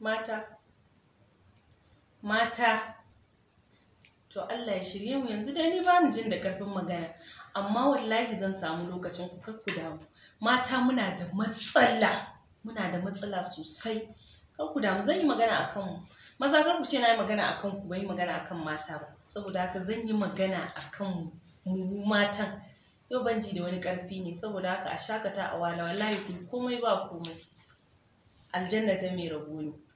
mata mata to Allah ya shirye mu yanzu dai ni bani jin da karfin magana amma wallahi zan samu lokacin ku ku damu mata muna da matsala muna da matsala sosai kar ku damu zan yi magana akan mu maza kar ce na yi magana akan ku bai magana akan mata ba saboda haka zan yi magana akan mu matan yau ban ji da wani karfi ne saboda haka a shakata a wala wallahi komai ba komai aljanna ta mai rabo ne